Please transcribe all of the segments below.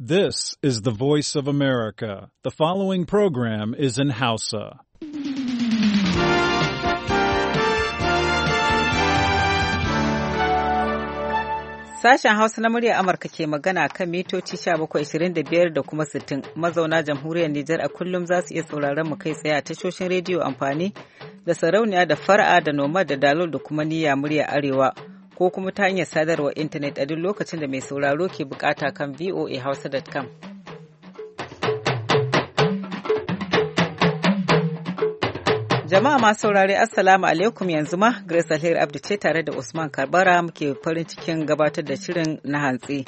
This is the voice of America. The following program is in Hausa. Sashen Hausa na muryar Amurka ke magana kan mitoci 1725 da kuma 60 mazauna jamhuriyar Nijar a kullum za su iya sauraron mu kai tsaye a tashoshin rediyo amfani da sarauniya da fara'a da noma da dalol da kuma niyya muryar Arewa. ko kuma ta hanyar sadarwar intanet a duk lokacin da mai sauraro ke bukata kan voahausa.com. Jama'a masu saurare Assalamu alaikum yanzu ma Grace Alheri Abdu ce tare da Usman Karbara muke farin cikin gabatar da shirin na hantsi.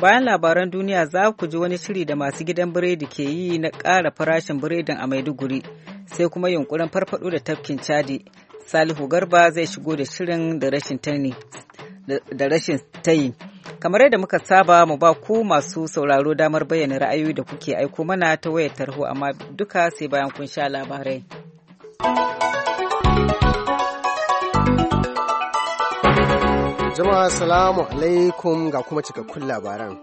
Bayan labaran duniya za ku ji wani shiri da masu gidan biredi ke yi na ƙara farashin biredin a Maiduguri sai kuma yunkurin farfado da tafkin Chadi. Salihu Garba zai shigo da shirin da rashin tayi. Kamar yadda muka saba mu ba ku masu sauraro damar bayyana ra'ayoyi da kuke aiko mana ta wayar tarho amma duka sai bayan kun sha labarai. Jama'a salamu alaikum ga kuma cikakkun labaran.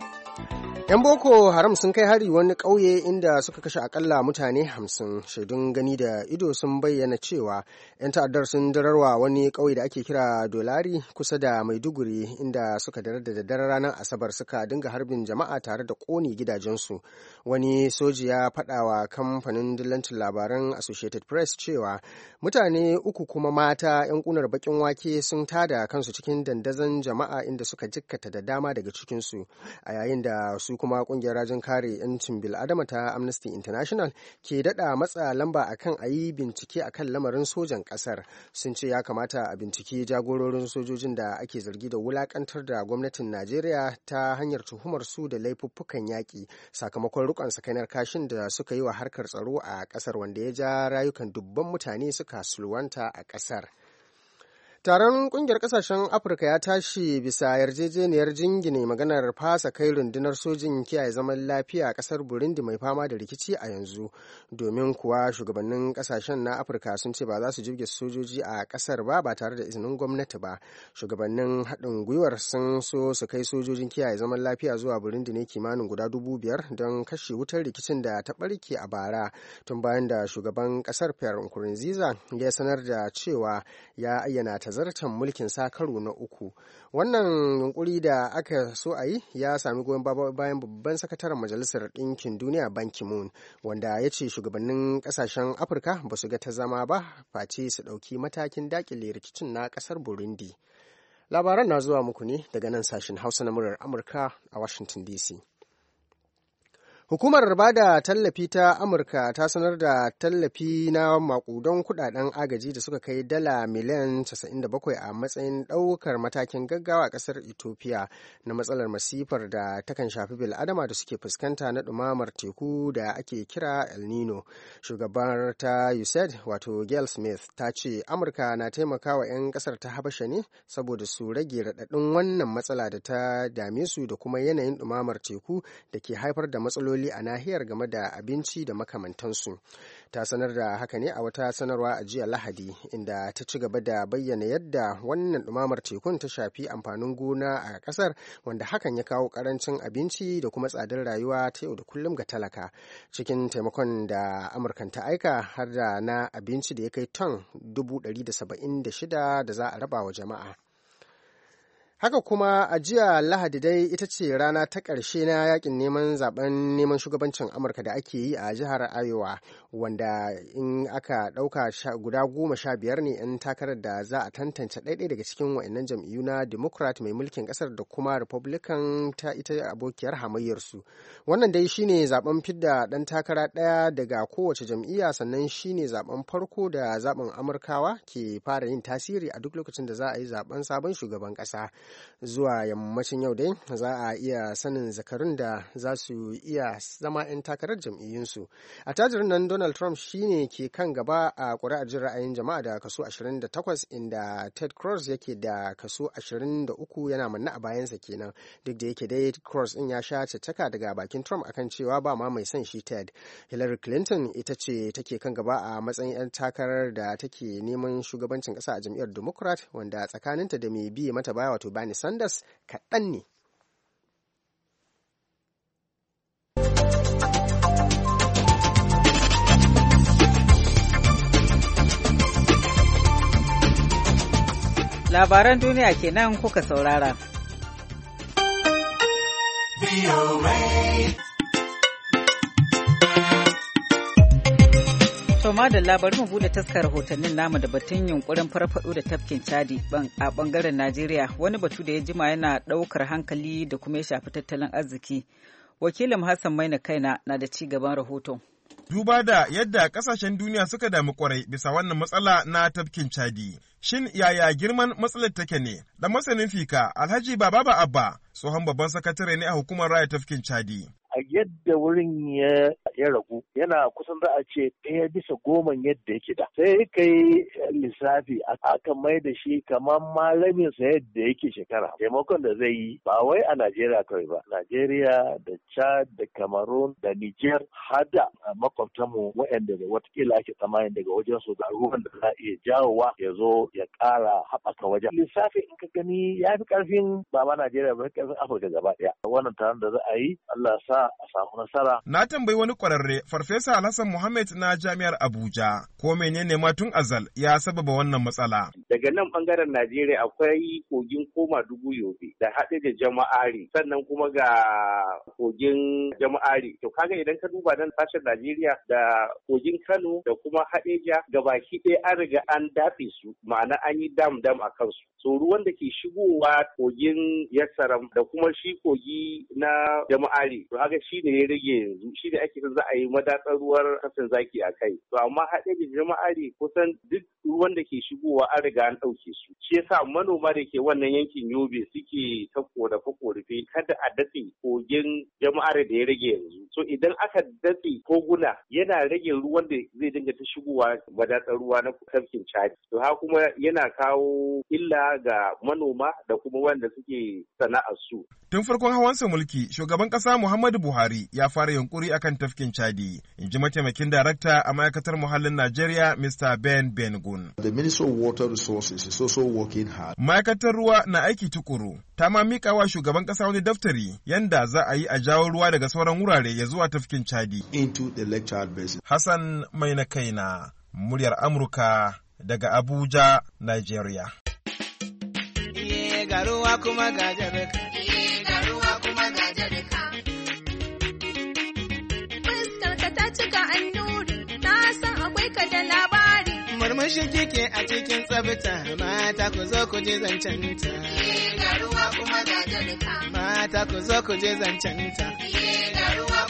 'Yan Boko Haram sun kai hari wani ƙauye inda suka kashe akalla mutane hamsin shaidun gani da ido sun bayyana cewa 'yan ta'addar sun dararwa wani ƙauye da ake kira Dolari kusa da Maiduguri inda suka darar da daddare ranar Asabar suka dinga harbin jama'a tare da ƙone gidajensu. wani soji ya faɗa wa kamfanin dillancin labaran associated press cewa mutane uku kuma mata 'yan kunar bakin wake sun tada kansu cikin dandazon jama'a inda suka jikkata da dama daga cikinsu a yayin da su kuma kungiyar rajin kare 'yancin bil'adama ta amnesty international ke daɗa matsa lamba akan a yi bincike akan lamarin sojan ƙasar sun ce ya kamata a bincike jagororin sojojin da ake zargi da wulakantar da gwamnatin najeriya ta hanyar tuhumar su da laifuffukan yaƙi sakamakon rikon sakainar kashin da suka yi wa harkar tsaro a kasar wanda ya ja rayukan dubban mutane suka sulwanta a kasar Taron kungiyar kasashen Afirka ya tashi bisa yarjejeniyar jingine maganar fasa kai rundunar sojin kiyaye zaman lafiya a kasar Burundi mai fama da rikici a yanzu. Domin kuwa shugabannin kasashen na Afirka sun ce ba za su jibge sojoji a kasar ba ba tare da izinin gwamnati ba. Shugabannin haɗin gwiwar sun so su kai sojojin kiyaye zaman lafiya zuwa Burundi ne kimanin guda dubu biyar don kashe wutar rikicin da ta ɓarke a bara tun bayan da shugaban kasar Pierre Nkurunziza ya sanar da cewa ya ayyana ta tazartan mulkin sa karo na uku wannan yunkuri da aka so a yi ya sami goyon bayan babban sakataren majalisar ɗinkin duniya Banki moon wanda ya ce shugabannin ƙasashen afirka ba su ga ta zama ba face su ɗauki matakin daƙile rikicin na ƙasar burundi labaran na zuwa muku ne daga nan sashen hausa na murar amurka a washington dc Hukumar ba da tallafi ta Amurka ta sanar da tallafi na makudan kudaden agaji da suka kai dala miliyan 97 a matsayin ɗaukar matakin gaggawa a ƙasar Ethiopia na matsalar masifar da takan shafi bil'adama da suke fuskanta na dumamar teku da ake kira El Nino. Shugabar ta USAID wato Gail Smith ta ce Amurka na taimakawa 'yan ƙasar ta Habasha ne saboda su rage raɗaɗin wannan matsala da ta dame su da kuma yanayin dumamar teku da ke haifar da matsaloli matsaloli a nahiyar game da abinci da makamantansu ta sanar da haka ne a wata sanarwa a jiya lahadi inda ta ci gaba da bayyana yadda wannan dumamar tekun ta shafi amfanin gona a ƙasar wanda hakan ya kawo ƙarancin abinci da kuma tsadar rayuwa ta yau da kullum ga talaka cikin taimakon da amurkan ta aika har da na abinci da ya kai ton dubu ɗari da da shida da za a raba wa jama'a. Haka kuma a jiya Lahadi dai ita ce rana ta karshe na yakin neman zaben neman shugabancin Amurka da ake yi a jihar Iowa wanda in aka ɗauka guda goma sha biyar ne in takarar da za a tantance ɗaiɗai daga cikin wa'annan jam'iyyu na Democrat mai mulkin ƙasar da kuma Republican ta ita abokiyar hamayyarsu. Wannan dai shine zaben fidda ɗan takara ɗaya daga kowace jam'iyya sannan shine zaben farko da zaben Amurkawa ke fara yin tasiri a duk lokacin da za a yi zaben sabon shugaban ƙasa. zuwa yammacin yau dai za a iya sanin zakarun da za su iya zama 'yan takarar jam'iyyunsu a tajirin nan donald trump shine ke kan gaba a ƙuri'ar jin ra'ayin jama'a da kaso 28 inda ted cruz yake da kaso 23 yana manna a bayansa kenan duk da yake dai cruz in ya sha caccaka daga bakin trump akan cewa ba ma mai son shi ted hillary clinton ita ce take kan gaba a matsayin 'yan takarar da take neman shugabancin ƙasa a jam'iyyar democrat wanda tsakaninta da mai bi mata baya wato Bernie Sanders kaɗan ne. Labaran duniya kenan kuka saurara. kama da labarin mu bude taskar rahotannin namu da batun yunkurin farfado da tafkin Chadi a bangaren Najeriya wani batu da ya jima yana daukar hankali da kuma ya shafi tattalin arziki. Wakilin Hassan Maina Kaina na da ci gaban rahoton. Duba da yadda kasashen duniya suka damu kwarai bisa wannan matsala na tafkin Chadi. Shin yaya girman matsalar take ne? Da masanin fika Alhaji Baba Abba tsohon babban sakatare ne a hukumar raya tafkin Chadi. a yadda wurin ya ya ragu yana kusan za a ce ɗaya bisa goma yadda yake da sai ka yi lissafi aka mai da shi kamar malamin sa yadda yake shekara taimakon da zai yi ba wai a Najeriya kawai ba Najeriya da Chad da Cameroon da Niger hada da makwabtanmu waɗanda da watakila ake tsammanin daga wajen su da ruwan da za a iya jawowa ya zo ya ƙara haɓaka wajen lissafi in ka gani ya fi ƙarfin ba ma Najeriya ba ƙarfin Afirka gaba ɗaya wannan taron da za a yi Allah sa a samu nasara na tambayi wani kwararre Farfesa Alhassan Muhammad na Jami'ar Abuja. Ko menene ma tun azal ya sababa wannan matsala? Daga nan bangaren Najeriya akwai kogin koma dubu yobe da haɗe da jama'ari sannan kuma ga kogin jama'ari. To kaga idan ka duba nan sashen Najeriya da kogin Kano da kuma ga baki ɗaya an riga an dafe su ma'ana an yi dam dam a kansu. So ruwan da ke shigowa kogin Yassaram da kuma shi kogi na jama'ari to haka shi ne ya rage yanzu shi ne ake za a yi madatsar ruwar kasan zaki a kai to amma haɗe da jama'ari kusan duk ruwan da ke shigowa an riga an ɗauke su shi yasa manoma da ke wannan yankin yobe suke ta korafe korafe kada a datse kogin jama'ar da ya rage yanzu so idan aka datse koguna yana rage ruwan da zai dinga ta shigowa madatsar ruwa na tafkin cadi to ha kuma yana kawo illa ga manoma da kuma wanda suke sana'ar su tun farkon hawansa mulki shugaban kasa muhammadu buhari ya fara yunkuri akan tafkin cikin Chadi, in ji mataimakin darakta a ma'aikatar muhallin Najeriya Mr. Ben Bengun. Ma'aikatar ruwa na aiki tukuru, ta ma mika wa shugaban kasa wani daftari yanda za a yi a jawo ruwa daga sauran wurare ya zuwa tafkin Chadi. Hassan mai na kaina, muryar Amurka daga Abuja, Nigeria. murmushi ke a cikin tsabta mata ku zo ku je zancen eh, kuma ga jarka mata ku zo ku je zancen eh,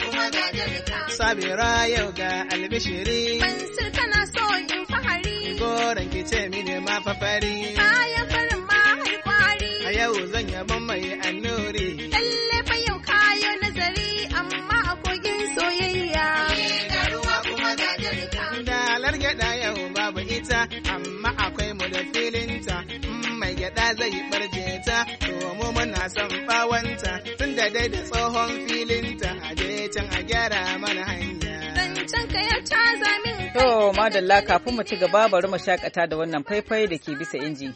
kuma ga jarka sabira yau ga albishiri mansur tana so in fahari goran ki ce mini ma fafari kayan farin ma har kwari a yau zan yabon mai annu amma akwai mu da filinta in mm, mai gyada zai barje ta to muna son bawanta tun da dai da tsohon filinta a can a gyara mana hanya To madalla kafin mu ci gaba bari mu shakata da wannan faifai da ke bisa inji.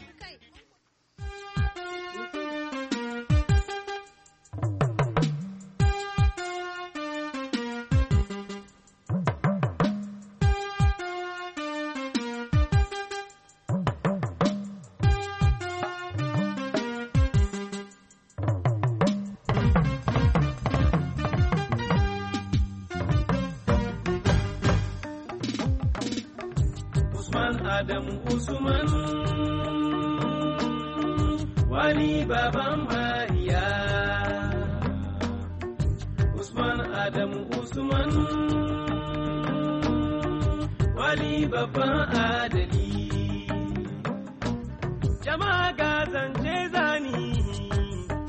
jama'a ga zance zani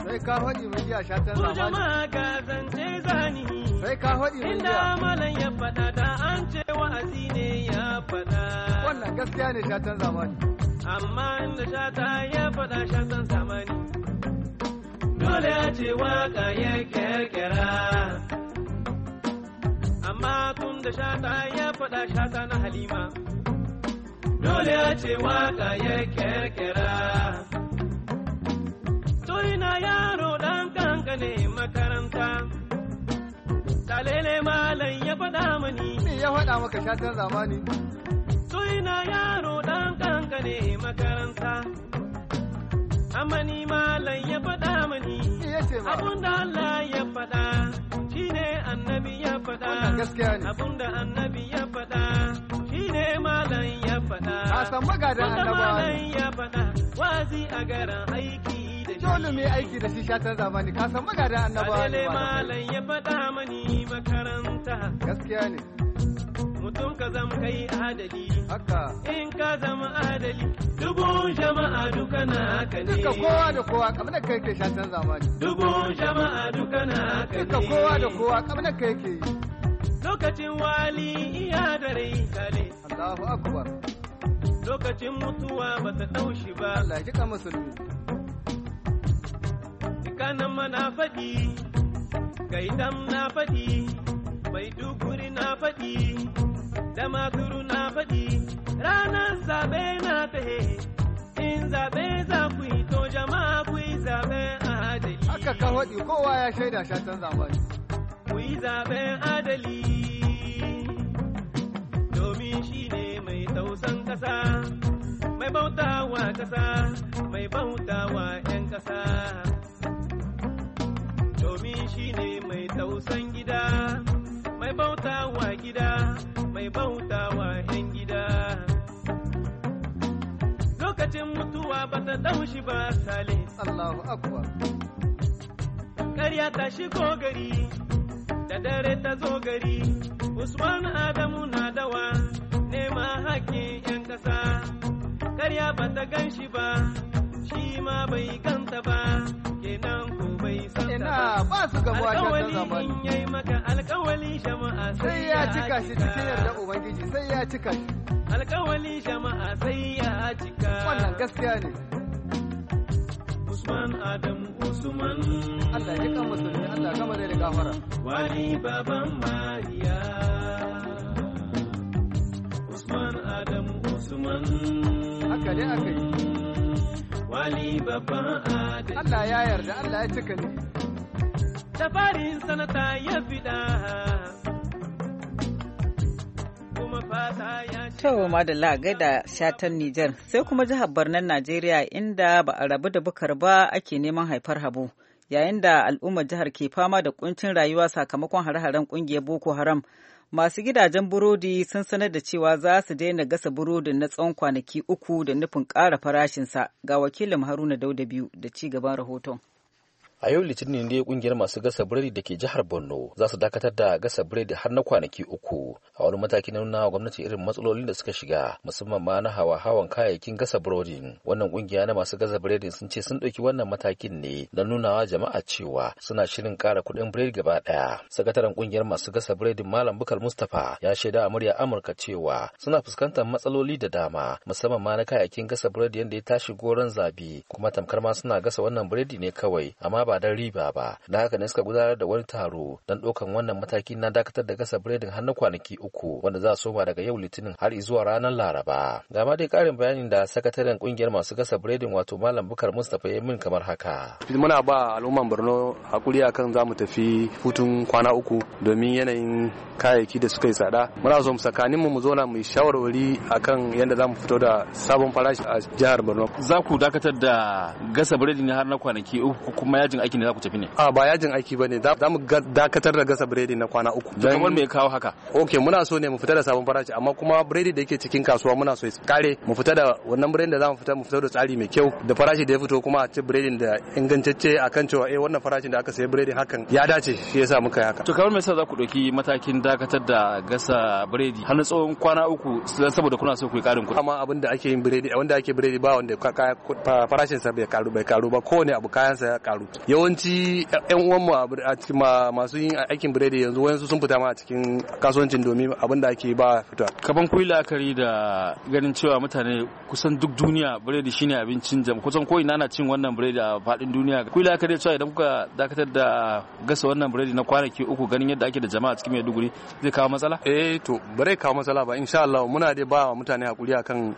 sai ka faɗi mai iya shatan zamani jama'a ga zance zani sai ka faɗi mai inda malam ya faɗa da an ce wa'azi ne ya faɗa wannan gaskiya ne shatan zamani amma inda shata ya faɗa shatan zamani dole ya ce waka ya kirkira amma tun da shata ya faɗa shata na halima dole a ce waka ya kerkera. Tuna yaro ɗan kanka ne makaranta, talele malam ya faɗa mani. Me ya faɗa maka shatan zamani? Tuna yaro ɗan kanka ne makaranta, amani malam ya faɗa mani. Abun da Allah ya faɗa, shi ne annabi ya faɗa. Abun da annabi ya faɗa. san magada annaba wazi a garan aiki da dole mai aiki da shi shatar zamani ka san magada annaba dole malam ya faɗa mani makaranta gaskiya ne mutum ka zama kai adali haka in ka zama adali dubu jama'a duka na haka ne duka kowa da kowa kamar kai ke shatan zamani dubu jama'a duka na haka ne duka kowa da kowa kamar kai ke yi lokacin wali iya da rai kale Allahu akbar lokacin mutuwa ba ta ɗaushi ba. Allah ji musulmi. Dukkanin mana faɗi, gaidam na faɗi, mai duguri na faɗi, damaturu na faɗi, ranar zaɓe na tahe, in zaɓe za ku yi to jama'a ku yi a adali. Haka ka faɗi kowa ya shaida shatan zaɓen. Ku yi zaɓen adali, domin shi ne tausan ƙasa mai bautawa ƙasa mai bautawa 'yan ƙasa domin shi ne mai tausan gida mai bautawa gida mai bautawa 'yan gida lokacin mutuwa ba ta daushi ba sale Allahu akbar ƙarya ta shigo gari da dare ta zo gari usman adamu na dawa ma hakkin 'yan ƙasa karya ba ta gan shi ba shi ma bai ganta ba kenan ko bai san ina ba su gamuwa ta zamani alƙawali in yayi maka alƙawali jama'a sai ya cika shi cikin yarda ubangiji sai ya cika shi alƙawali jama'a sai ya cika wannan gaskiya ne Usman Adam Usman Allah ya kama musulmi Allah gama da gafara wani baban Mariya Usman Adamu Usman. Haka dai aka yi. Wali babban Adam. Allah ya yarda Allah ya cika ne. sanata ya To Madalla gaida shatan Nijar sai kuma jihar Barnar Najeriya inda ba a rabu da bukar ba ake neman haifar habu. Yayin da al'ummar jihar ke fama da kuncin rayuwa sakamakon hare-haren kungiyar Boko Haram. masu gidajen burodi sun sanar da cewa za su daina gasa burodin na tsawon kwanaki uku da nufin ƙara farashinsa ga wakilin haruna dauda biyu da ci gaban rahoton a yau litinin ne kungiyar masu gasa biredi da ke jihar borno za su dakatar da gasa biredi har na kwanaki uku a wani mataki na nuna wa gwamnati irin matsalolin da suka shiga musamman ma na hawa-hawan kayayyakin gasa burodin. wannan kungiya na masu gasa biredi sun ce sun ɗauki wannan matakin ne na nunawa jama'a cewa suna shirin ƙara kuɗin biredi gaba ɗaya sakataren kungiyar masu gasa biredi malam bukar mustapha ya shaida a murya amurka cewa suna fuskantar matsaloli da dama musamman ma na kayayyakin gasa biredi yadda ya tashi goron zabi kuma tamkar ma suna gasa wannan biredi ne kawai amma ba don riba ba da haka ne suka gudanar da wani taro don ɗaukan wannan mataki na dakatar da gasa biredin har na kwanaki uku wanda za a soma daga yau litinin har zuwa ranar laraba ga ma dai karin bayanin da sakataren ƙungiyar masu gasa biredin wato malam bukar mustapha ya min kamar haka. muna ba al'umman borno hakuri akan za mu tafi hutun kwana uku domin yanayin kayayyaki da suka yi tsada muna so mu tsakanin mu zo na mu shawarwari akan yadda zamu fito da sabon farashi a jihar borno za ku dakatar da gasa biredi har na kwanaki uku kuma yajin yajin aiki ne za ku tafi ne a ba yajin aiki ba ne za mu dakatar da gasa biredi na kwana uku kamar mai kawo haka ok muna so ne mu fita da sabon farashi amma kuma biredi da yake cikin kasuwa muna so ya kare mu fita da wannan biredi da za mu fita mu fita da tsari mai kyau da farashi da ya fito kuma a ci biredi da ingantacce a kan cewa eh wannan farashin da aka sayi biredi hakan ya dace shi yasa muka haka to kamar me yasa za ku ɗauki matakin dakatar da gasa biredi har na tsawon kwana uku saboda kuna so ku yi ƙarin kuɗi amma abin da ake yin biredi wanda ake biredi ba wanda farashin sa bai karu bai karu ba kowane abu kayan sa ya karu yawanci yan uwanmu a cikin masu yin aikin biredi yanzu wayansu sun fita ma a cikin kasuwancin domin abin da ake ba fita kaban kuyi la'akari da ganin cewa mutane kusan duk duniya biredi shine abincin jam kusan ko ina na cin wannan biredi a fadin duniya kuyi la'akari cewa idan kuka dakatar da gasa wannan biredi na kwanaki uku ganin yadda ake da jama'a cikin Maiduguri zai kawo matsala eh to bare kawo matsala ba insha Allah muna dai ba mutane hakuri akan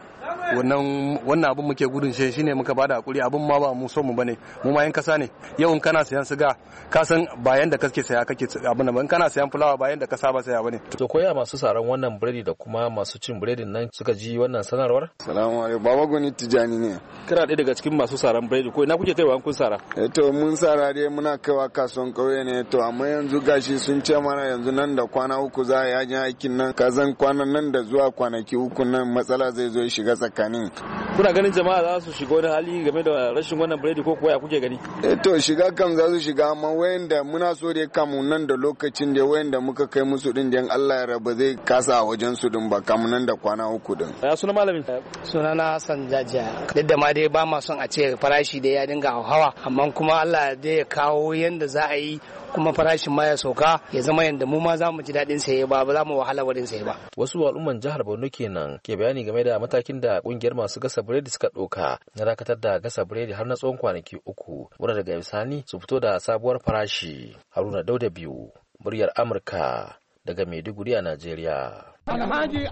wannan wannan abin muke gudun shi shine muka bada hakuri abin ma ba mu so mu bane mu ma yan kasa ne yau in kana sayan siga ka san bayan da kake saya kake abin nan kana sayan fulawa bayan da ka saba saya bane to koya masu saran wannan biredi da kuma masu cin biredi nan suka ji wannan sanarwar salamu alaikum baba goni tijani ne kira ɗaya daga cikin masu saran biredi ko ina kuke kaiwa kun sara eh to mun sara dai muna kaiwa kasuwan kauye ne to amma yanzu gashi sun ce mana yanzu nan da kwana uku za a yi aikin nan zan kwanan nan da zuwa kwanaki uku nan matsala zai zo shiga tsakanin kuna ganin jama'a za su shiga wani hali game da rashin wannan biredi ko kuwa ya kuke gani eh to shiga kam za su shiga amma wayanda muna so ya kamu nan da lokacin da wayanda muka kai musu din dan Allah ya raba zai kasa a wajen su din ba kamu nan da kwana uku din ya suna malamin suna na Hassan Jajiya. duk da ma dai ba ma son a ce farashi da ya dinga hawa amma kuma Allah dai ya kawo yadda za a yi kuma farashin ma ya sauka ya zama yadda mu ma za mu ji daɗin saye ba ba za mu wahala wurin saye ba. Wasu al'umman jihar Borno kenan ke bayani game da matakin da ƙungiyar masu gasa biredi suka ɗauka na dakatar da gasa biredi har na tsawon kwanaki uku wanda daga bisani su fito da sabuwar farashi. Haruna Dauda biyu muryar Amurka daga Maiduguri a Najeriya. Alhaji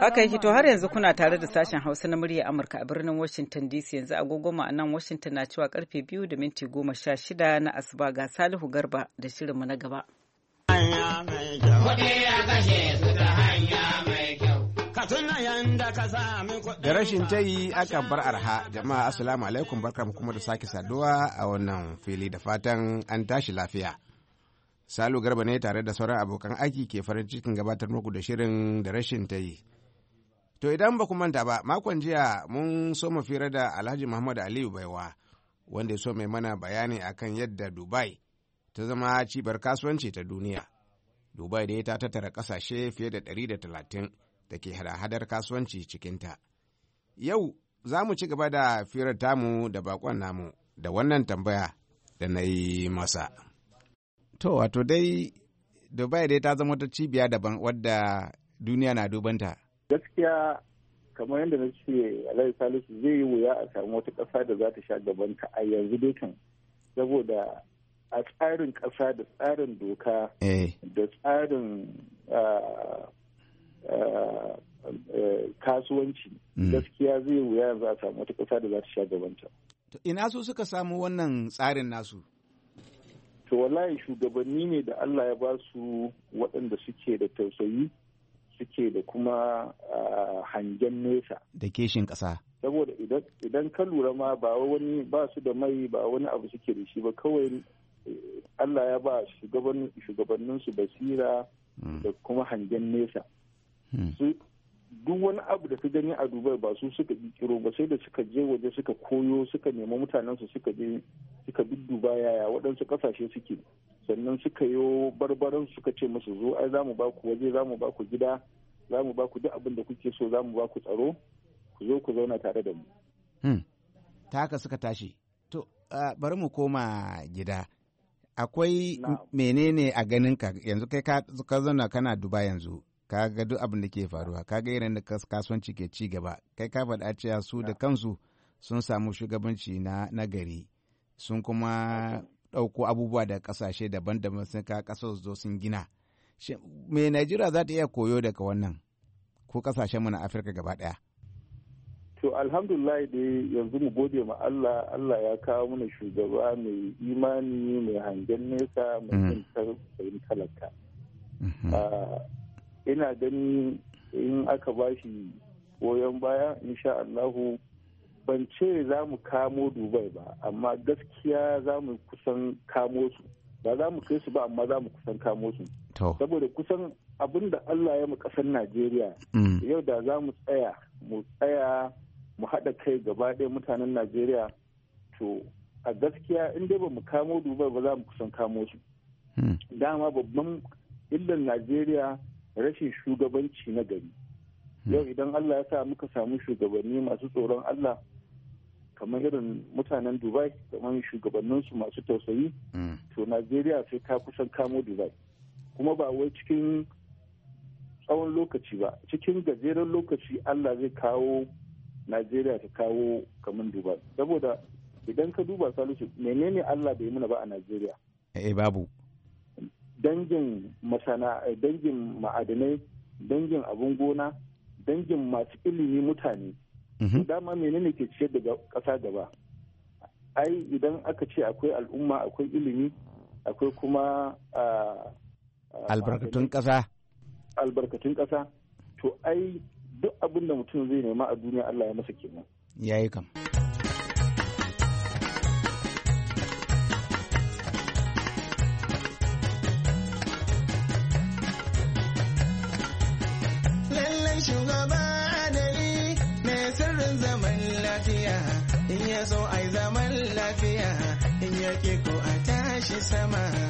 Haka yake to har yanzu kuna tare da sashen Hausa na murya Amurka a birnin Washington DC yanzu agogo a nan Washington na cewa karfe biyu da minti goma sha shida na asuba ga Salihu Garba da shirinmu na gaba. Da rashin tayi yi aka bar arha jama'a assalamu alaikum mu kuma da sake saduwa a wannan fili da fatan an tashi lafiya. Salu Garba ne tare da sauran abokan aiki ke farin cikin gabatar muku da shirin da rashin ta yi. To idan ba ku manta ba, makon jiya mun so mu fira da Alhaji Muhammad Aliyu Baiwa, wanda ya so mai mana bayani akan yadda Dubai ta zama cibar kasuwanci ta duniya. Dubai dai ta tattara ƙasashe fiye da 130 da ke hada-hadar kasuwanci cikinta. Yau za mu ci gaba da firar tamu da bakon namu da wannan tambaya da na yi masa. To, wato dai Dubai dai ta zama wata cibiya daban wadda duniya na dubanta. Gaskiya kamar yadda na ce Alayhi Salisu zai yi wuya a samu wata ƙasa da za ta sha gaban ta a yanzu dai saboda a tsarin ƙasa da tsarin doka eh. da tsarin ah, ah, eh, kasuwanci mm. gaskiya zai wuya yanzu a samu wata ƙasa da za ta sha gaban ta. Ina su suka samu wannan tsarin nasu? to wallahi shugabanni ne da allah ya ba su waɗanda suke da tausayi suke da kuma hangen nesa da keshin ƙasa saboda idan ka lura ma ba wani ba su da mai ba wani abu suke da shi ba kawai eh, allah ya ba shugabanninsu basira hmm. da kuma hangen nesa hmm. duk wani abu da ka gani a dubai ba su suka kiro ba sai da suka je waje suka koyo suka nemi mutanensu suka je suka duba yaya waɗansu ƙasashe suke sannan suka yi barbaran suka ce musu zo ai za mu ba ku waje za mu ba ku gida za mu ba ku duk abin da kuke so za mu ba ku tsaro ku zo ku zauna tare da mu. Hmm. ta haka suka tashi to bari mu koma gida akwai menene a ganinka yanzu kai ka zauna kana duba yanzu ka ga duk abin da ke faruwa ka ga irin da kasuwanci ke ci gaba kai ka faɗa cewa su da kansu sun samu shugabanci na nagari sun kuma ɗauko abubuwa da ƙasashe daban-daban sun ka ƙasar zo sun gina me najeriya za ta iya koyo daga wannan ko ƙasashen mu na afirka gaba ɗaya to alhamdulillah dai yanzu mu gode ma Allah Allah ya kawo mana shugaba mai imani mai hangen nesa mai fahimtar mm. talaka mm-hmm. ah, ina gani in aka bashi goyon baya insha Allahu ban ce za mu kamo dubai ba amma gaskiya za mu kusan kamo su ba za mu kai su ba amma za mu kusan kamo su saboda kusan abin da allah ya mu kasar najeriya mm. yau da za mu tsaya mu tsaya mu haɗa kai gaba ɗaya mutanen najeriya to a gaskiya in dai ba mu kamo dubai ba za mu kusan kamo su hmm. dama babban illan najeriya rashin shugabanci na gari yau hmm. idan allah ya sa muka samu shugabanni masu tsoron allah kamar irin mutanen dubai kamar shugabanninsu masu tausayi hmm. to najeriya sai ta kusan kamo dubai kuma ba wai cikin tsawon lokaci ba cikin gajeren lokaci allah zai kawo najeriya ta kawo kamar dubai saboda idan ka duba salisu menene allah bai muna ba a najeriya eh babu dangin eh, dangin ma'adanai dangin abun gona dangin masu ilimi mutane mhm. dama menene ke cike daga ƙasa gaba ai idan aka ce akwai al'umma akwai ilimi akwai kuma ah, ah, albarkatun ƙasa albarkatun ƙasa to ai duk abin da mutum zai nema a duniya Allah ya masa kenan yayi kam semana.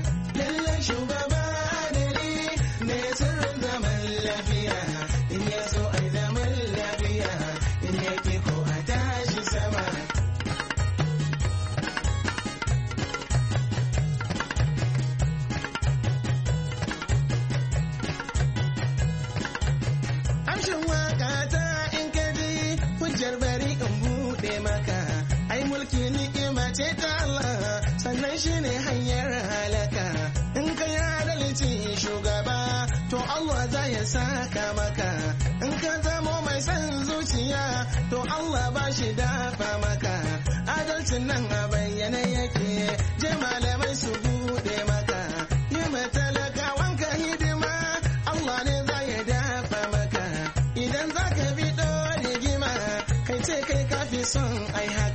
zai dafa maka adalcin nan a bayyane yake je malamai su bude maka yi matalaka wanka hidima Allah ne za ya dafa maka idan za ka bi rigima kai ce kai kafi son aiha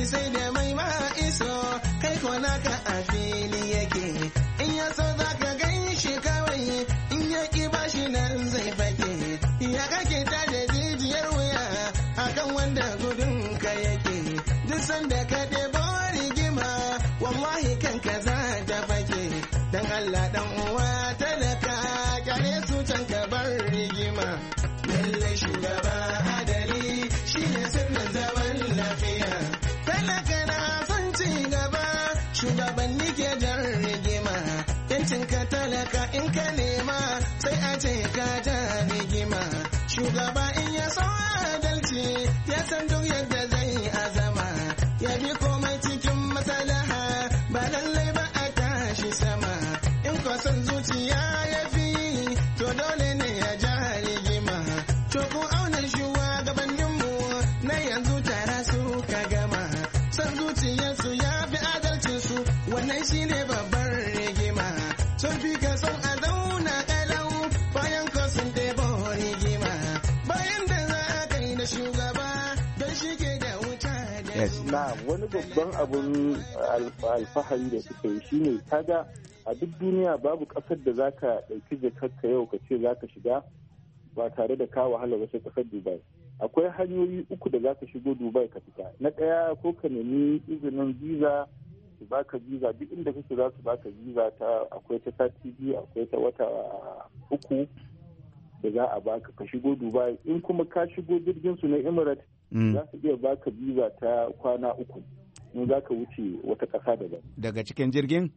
shi sai da mai ma iso kai ko ka a fili yake in ya so za ka gan shi kawai in ya ki ba shi nan zai fake ya kake ta da jijiyar wuya akan wanda gudun ka yake duk sanda ka ɗebo rigima wallahi kanka za ta fake dan Allah dan uwa ce ka ja rigima shugaba in na wani babban abun alfahari da suka yi shine kaga a duk duniya babu kasar da zaka ɗauki ka yau ka ce zaka shiga ba tare da ka wahala ba sai ƙasar dubai akwai hanyoyi uku da zaka shigo dubai ka fita na ɗaya ko ka nemi izinin visa su baka visa duk inda kake za su baka visa ta akwai ta sati biyu akwai ta wata uku da za a baka ka shigo dubai in kuma ka shigo jirgin su na emirates Mm. za su iya baka biza ta kwana uku in za ka wuce wata ƙasa daban. Daga cikin jirgin?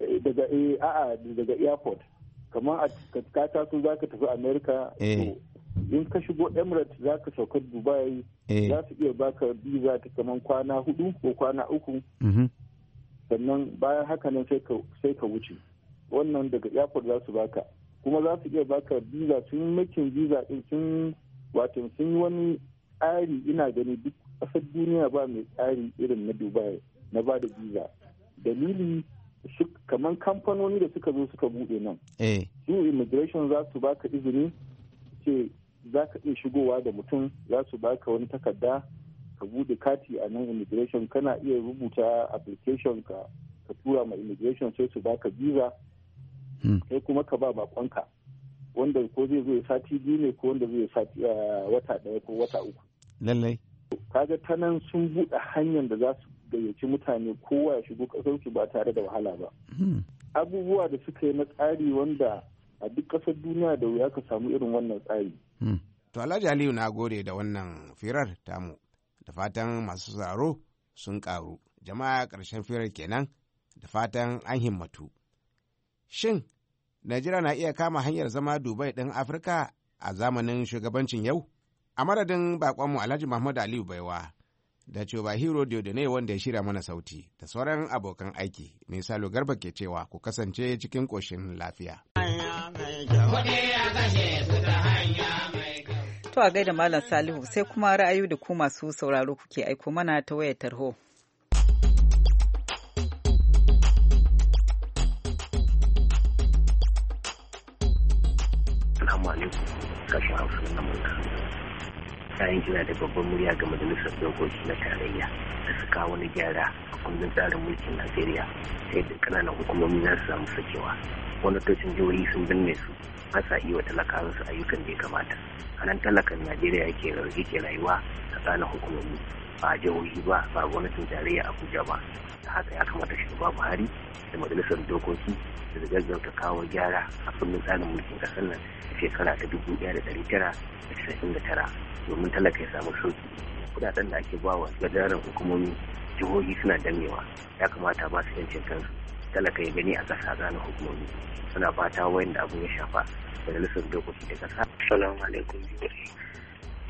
Eh, daga eh, a'a daga airport. Kamar a ka sun za ka tafi Amerika. Eh. In ka shigo Emirates za ka sauka Dubai za su iya baka biza ta kamar kwana hudu ko kwana uku. Mm-hmm. Sannan bayan haka nan sai ka wuce. Wannan daga airport za su baka. Kuma za su iya baka biza sun makin biza din sun wato sun yi wani tsari ina gani duk ƙasar duniya ba mai tsari irin na dubai na ba da visa dalili kamar kamfanoni da suka zo suka buɗe nan eh. su immigration za su baka izini ce za ka iya shigowa da mutum za su baka wani takarda ka buɗe kati a nan immigration kana iya rubuta application ka ka tura ma immigration sai su baka visa hmm. kai kuma ka ba bakonka wanda ko zai zo ya sati biyu ne ko wanda zai sati eh, wata ɗaya ko wata uku lallai kaga ta nan sun buɗe hanyar da za su gayyaci mutane kowa ya shigo ƙasarsu ba tare da wahala ba hmm. abubuwa da suka yi na tsari wanda a duk ƙasar duniya da wuya ka samu irin wannan tsari hmm. to alhaji aliyu na gode da wannan firar tamu da fatan masu tsaro sun karu jama'a ƙarshen firar kenan da fatan an himmatu shin najeriya na iya kama hanyar zama dubai ɗin afirka a zamanin shugabancin yau a madadin bakonmu alhaji mahmud aliyu baiwa da coba hero ne wanda ya shirya mana sauti da sauran abokan aiki mai salo garba ke cewa ku kasance cikin koshin lafiya to a gaida malam salihu sai kuma ra'ayi da ku masu sauraro kuke aiko mana ta wayar tarho tsarin kina da babban murya ga majalisar dokoki na tarayya da su kawo wani gyara a kundin tsarin mulkin najeriya ta yadda kananan hukumomi za su samu sakewa tocin jihohi sun binne su ba sa iya wa talakawa su ayyukan da ya kamata a nan talakan najeriya yake rayuwa tsakanin hukumomi ba a jihohi ba ba gwamnatin tarayya abuja ba da haka ya kamata shugaba buhari da majalisar dokoki da gaggauta kawo gyara a kundin tsarin mulkin kasar nan a shekara ta dubu ɗaya da ɗari tara da casa'in da tara domin talaka ya samu sauki kudaden da ake bawa gadaran hukumomi jihohi suna damewa ya kamata ba su yancin kansu talaka ya gani a ƙasa gane hukumomi suna fata wayan da abun ya shafa majalisar dokoki da ƙasa. Assalamu alaikum.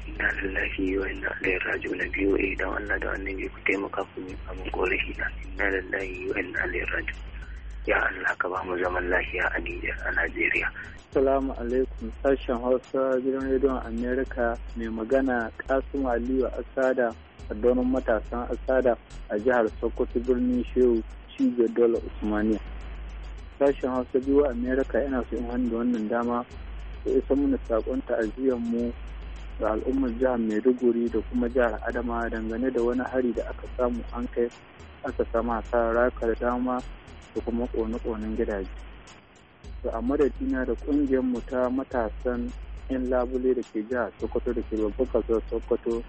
inna lillahi wa inna ilaihi raji'un na biyu idan eh, Allah da annabi ku taimaka ku yi abin korafi na inna lillahi wa inna ilaihi raji'un ya Allah ka ba mu zaman lafiya a Nijar a Najeriya. Salamu alaikum sashen Hausa gidan rediyon Amerika mai magana Kasim Aliyu Asada a donon matasan Asada a jihar Sokoto birnin Shehu Cibiyar Dola Usmaniya. Sashen Hausa biyu Amerika yana so in da wannan dama su isa mana saƙon ta'aziyar mu ga al'ummar jihar maiduguri da kuma jihar adama dangane da wani hari da aka samu an kai aka sama sa rakar dama da kuma kone-konen gidaje to a madadina da kungiyar mu ta matasan yan labule da ke jihar sokoto da ke babban kasuwar sokoto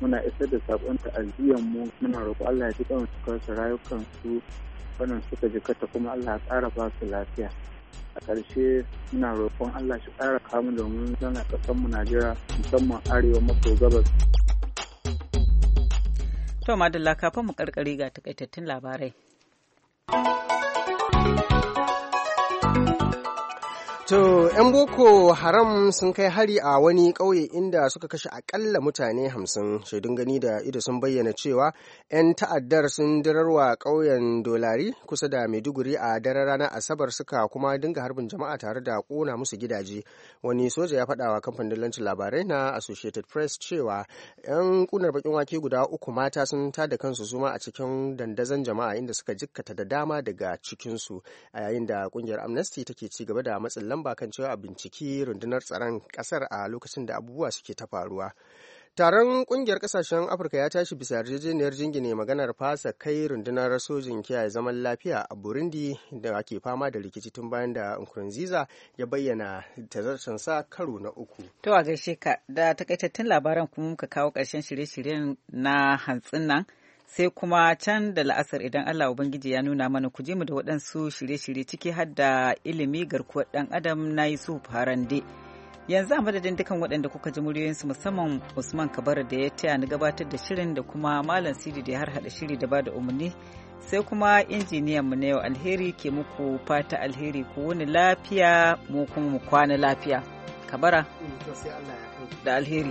muna isar da sabon ta'aziyyar mu muna roƙo Allah ya ji kan su rayukan su wannan suka jikata kuma Allah ya ƙara ba su lafiya a ƙarshe muna roƙon Allah shi ƙara kamu domin zana mu Najeriya musamman arewa maso gabas. To Madalla kafin mu ƙarƙari ga takaitattun labarai. To, ‘yan Boko Haram sun kai hari a wani ƙauye inda suka kashe akalla mutane hamsin. Shaidun gani da ido sun bayyana cewa ‘yan ta'addar sun dirarwa ƙauyen Dolari kusa da Maiduguri a daren ranar Asabar suka kuma dinga harbin jama'a tare da ƙona musu gidaje. Wani soja ya faɗawa kamfanin dillancin labarai na Associated Press cewa ‘yan ƙunar baƙin wake guda uku mata sun ta da kansu zuma a cikin dandazon jama'a inda suka jikkata da dama daga cikinsu a yayin da ƙungiyar Amnesty take ci gaba da matsin ba kan cewa a binciki rundunar tsaron ƙasar a lokacin da abubuwa suke ta faruwa. Taron kungiyar kasashen Afirka ya tashi bisa yarjejeniyar jingine maganar fasa kai rundunar sojin kiyaye zaman lafiya a Burundi da ake fama da rikici tun bayan da Nkurunziza ya bayyana sa karo na uku. To a gaishe ka da takaitattun labaran kuma muka kawo ƙarshen shirye-shiryen na hantsin nan. sai kuma can da la'asar idan Allah Ubangiji ya nuna mana ku je mu da waɗansu shirye-shirye ciki har da ilimi garkuwar ɗan adam na yi su Harande. Yanzu a madadin dukan waɗanda kuka ji muryoyinsu musamman Usman Kabara da ya taya ni gabatar da shirin da kuma Malam Sidi da ya harhaɗa shiri da bada umarni sai kuma injiniyan mu na yau alheri ke muku fata alheri ku wuni lafiya mu kuma mu kwana lafiya. Kabara mm, da alheri.